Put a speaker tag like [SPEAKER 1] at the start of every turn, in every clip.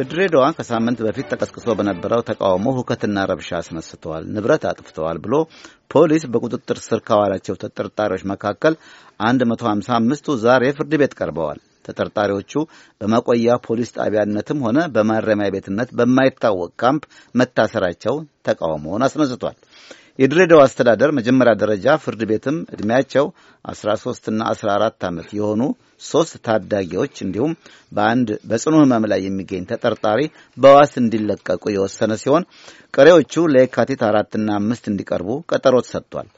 [SPEAKER 1] በድሬዳዋ ከሳምንት በፊት ተቀስቅሶ በነበረው ተቃውሞ ሁከትና ረብሻ አስነስተዋል፣ ንብረት አጥፍተዋል ብሎ ፖሊስ በቁጥጥር ስር ካዋላቸው ተጠርጣሪዎች መካከል 155ቱ ዛሬ ፍርድ ቤት ቀርበዋል። ተጠርጣሪዎቹ በማቆያ ፖሊስ ጣቢያነትም ሆነ በማረሚያ ቤትነት በማይታወቅ ካምፕ መታሰራቸው ተቃውሞውን አስነስቷል። የድሬዳዋ አስተዳደር መጀመሪያ ደረጃ ፍርድ ቤትም ዕድሜያቸው 13ና 14 ዓመት የሆኑ ሦስት ታዳጊዎች እንዲሁም በአንድ በጽኑ ህመም ላይ የሚገኝ ተጠርጣሪ በዋስ እንዲለቀቁ የወሰነ ሲሆን ቀሪዎቹ ለየካቲት አራትና አምስት እንዲቀርቡ ቀጠሮ ተሰጥቷል።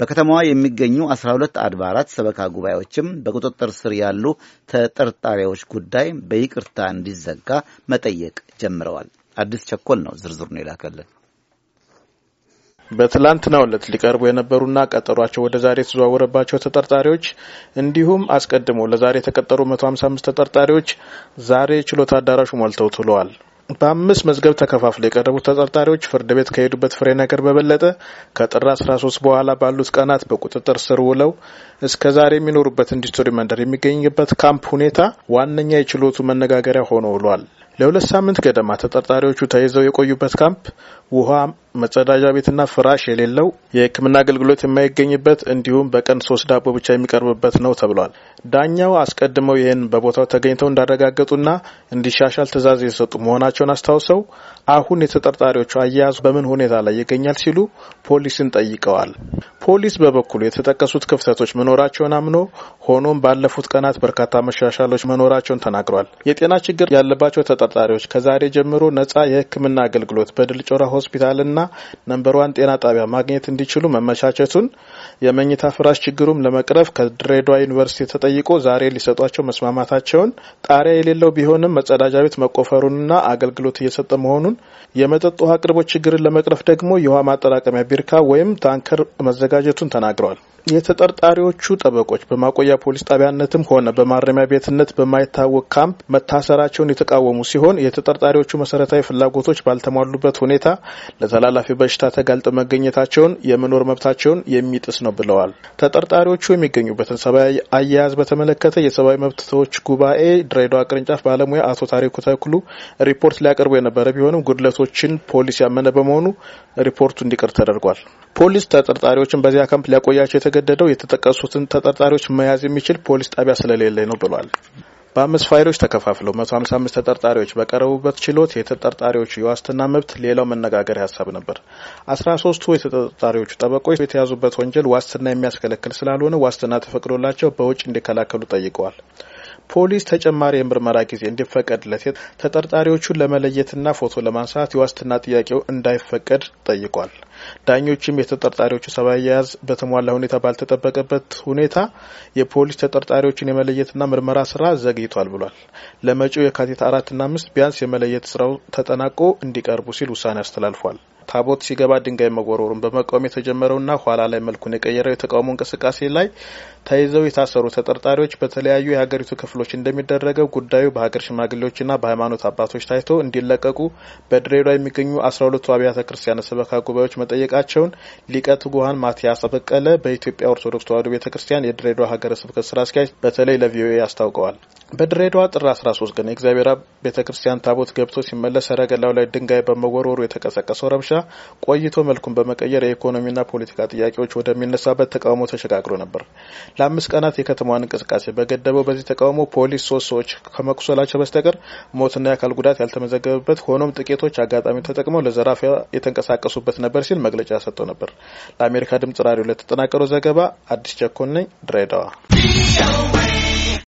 [SPEAKER 1] በከተማዋ የሚገኙ 12 አድባራት ሰበካ ጉባኤዎችም በቁጥጥር ስር ያሉ ተጠርጣሪዎች ጉዳይ በይቅርታ እንዲዘጋ መጠየቅ ጀምረዋል። አዲስ ቸኮል ነው ዝርዝሩን የላከልን።
[SPEAKER 2] በትላንትናው ዕለት ሊቀርቡ የነበሩና ቀጠሯቸው ወደ ዛሬ የተዘዋወረባቸው ተጠርጣሪዎች እንዲሁም አስቀድሞ ለዛሬ የተቀጠሩ 155 ተጠርጣሪዎች ዛሬ ችሎት አዳራሹ ሞልተው ትለዋል። በአምስት መዝገብ ተከፋፍለው የቀረቡት ተጠርጣሪዎች ፍርድ ቤት ከሄዱበት ፍሬ ነገር በበለጠ ከጥር 13 በኋላ ባሉት ቀናት በቁጥጥር ስር ውለው እስከ ዛሬ የሚኖሩበት ኢንዱስትሪ መንደር የሚገኝበት ካምፕ ሁኔታ ዋነኛ የችሎቱ መነጋገሪያ ሆኖ ውሏል። ለሁለት ሳምንት ገደማ ተጠርጣሪዎቹ ተይዘው የቆዩበት ካምፕ ውሃ መጸዳጃ ቤትና ፍራሽ የሌለው የሕክምና አገልግሎት የማይገኝበት እንዲሁም በቀን ሶስት ዳቦ ብቻ የሚቀርብበት ነው ተብሏል። ዳኛው አስቀድመው ይህን በቦታው ተገኝተው እንዳረጋገጡና እንዲሻሻል ትዕዛዝ የሰጡ መሆናቸውን አስታውሰው አሁን የተጠርጣሪዎቹ አያያዙ በምን ሁኔታ ላይ ይገኛል ሲሉ ፖሊስን ጠይቀዋል። ፖሊስ በበኩሉ የተጠቀሱት ክፍተቶች መኖራቸውን አምኖ ሆኖም ባለፉት ቀናት በርካታ መሻሻሎች መኖራቸውን ተናግሯል። የጤና ችግር ያለባቸው ተጠርጣሪዎች ከዛሬ ጀምሮ ነጻ የሕክምና አገልግሎት በድል ጮራ ሆስፒታልና ነንበር ዋን ጤና ጣቢያ ማግኘት እንዲችሉ መመቻቸቱን፣ የመኝታ ፍራሽ ችግሩም ለመቅረፍ ከድሬዳዋ ዩኒቨርሲቲ ተጠይቆ ዛሬ ሊሰጧቸው መስማማታቸውን፣ ጣሪያ የሌለው ቢሆንም መጸዳጃ ቤት መቆፈሩንና አገልግሎት እየሰጠ መሆኑን፣ የመጠጥ ውሃ አቅርቦት ችግርን ለመቅረፍ ደግሞ የውሃ ማጠራቀሚያ ቢርካ ወይም ታንከር መዘጋጀቱን ተናግረዋል። የተጠርጣሪዎቹ ጠበቆች በማቆያ ፖሊስ ጣቢያነትም ሆነ በማረሚያ ቤትነት በማይታወቅ ካምፕ መታሰራቸውን የተቃወሙ ሲሆን የተጠርጣሪዎቹ መሰረታዊ ፍላጎቶች ባልተሟሉበት ሁኔታ ለተላላፊ በሽታ ተጋልጠው መገኘታቸውን የመኖር መብታቸውን የሚጥስ ነው ብለዋል። ተጠርጣሪዎቹ የሚገኙበትን ሰብአዊ አያያዝ በተመለከተ የሰብአዊ መብቶች ጉባኤ ድሬዳዋ ቅርንጫፍ ባለሙያ አቶ ታሪኩ ተክሉ ሪፖርት ሊያቀርቡ የነበረ ቢሆንም ጉድለቶችን ፖሊስ ያመነ በመሆኑ ሪፖርቱ እንዲቀር ተደርጓል። ፖሊስ ተጠርጣሪዎችን በዚያ ካምፕ ሊያቆያቸው የተገደደው የተጠቀሱትን ተጠርጣሪዎች መያዝ የሚችል ፖሊስ ጣቢያ ስለሌለ ነው ብሏል። በአምስት ፋይሎች ተከፋፍለው መቶ ሀምሳ አምስት ተጠርጣሪዎች በቀረቡበት ችሎት የተጠርጣሪዎቹ የዋስትና መብት ሌላው መነጋገሪያ ሀሳብ ነበር። አስራ ሶስቱ የተጠርጣሪዎቹ ጠበቆች የተያዙበት ወንጀል ዋስትና የሚያስከለክል ስላልሆነ ዋስትና ተፈቅዶላቸው በውጭ እንዲከላከሉ ጠይቀዋል። ፖሊስ ተጨማሪ የምርመራ ጊዜ እንዲፈቀድለት ተጠርጣሪዎቹን ለመለየትና ፎቶ ለማንሳት የዋስትና ጥያቄው እንዳይፈቀድ ጠይቋል። ዳኞችም የተጠርጣሪዎቹ ሰባ አያያዝ በተሟላ ሁኔታ ባልተጠበቀበት ሁኔታ የፖሊስ ተጠርጣሪዎችን የመለየትና ምርመራ ስራ ዘግይቷል ብሏል። ለመጪው የካቲት አራትና አምስት ቢያንስ የመለየት ስራው ተጠናቆ እንዲቀርቡ ሲል ውሳኔ አስተላልፏል። ታቦት ሲገባ ድንጋይ መወረሩን በመቃወም የተጀመረውና ኋላ ላይ መልኩን የቀየረው የተቃውሞ እንቅስቃሴ ላይ ተይዘው የታሰሩ ተጠርጣሪዎች በተለያዩ የሀገሪቱ ክፍሎች እንደሚደረገው ጉዳዩ በሀገር ሽማግሌዎችና በሃይማኖት አባቶች ታይቶ እንዲለቀቁ በድሬዳዋ የሚገኙ አስራ ሁለቱ አብያተ ክርስቲያን ሰበካ ጉባኤዎች መጠየቃቸውን ሊቀ ትጉሃን ማቲያስ በቀለ በኢትዮጵያ ኦርቶዶክስ ተዋሕዶ ቤተ ክርስቲያን የድሬዳዋ ሀገረ ስብከት ስራ አስኪያጅ በተለይ ለቪኦኤ አስታውቀዋል። በድሬዳዋ ጥር 13 ቀን የእግዚአብሔር አብ ቤተ ክርስቲያን ታቦት ገብቶ ሲመለስ ሰረገላው ላይ ድንጋይ በመወርወሩ የተቀሰቀሰው ረብሻ ቆይቶ መልኩን በመቀየር የኢኮኖሚና ፖለቲካ ጥያቄዎች ወደሚነሳበት ተቃውሞ ተሸጋግሮ ነበር። ለአምስት ቀናት የከተማዋን እንቅስቃሴ በገደበው በዚህ ተቃውሞ ፖሊስ ሶስት ሰዎች ከመቁሰላቸው በስተቀር ሞትና የአካል ጉዳት ያልተመዘገበበት፣ ሆኖም ጥቂቶች አጋጣሚ ተጠቅመው ለዘራፊያ የተንቀሳቀሱበት ነበር ሲል መግለጫ ሰጥቶ ነበር። ለአሜሪካ ድምጽ ራዲዮ ለተጠናቀረው ዘገባ አዲስ ቸኮን ነኝ ድሬዳዋ።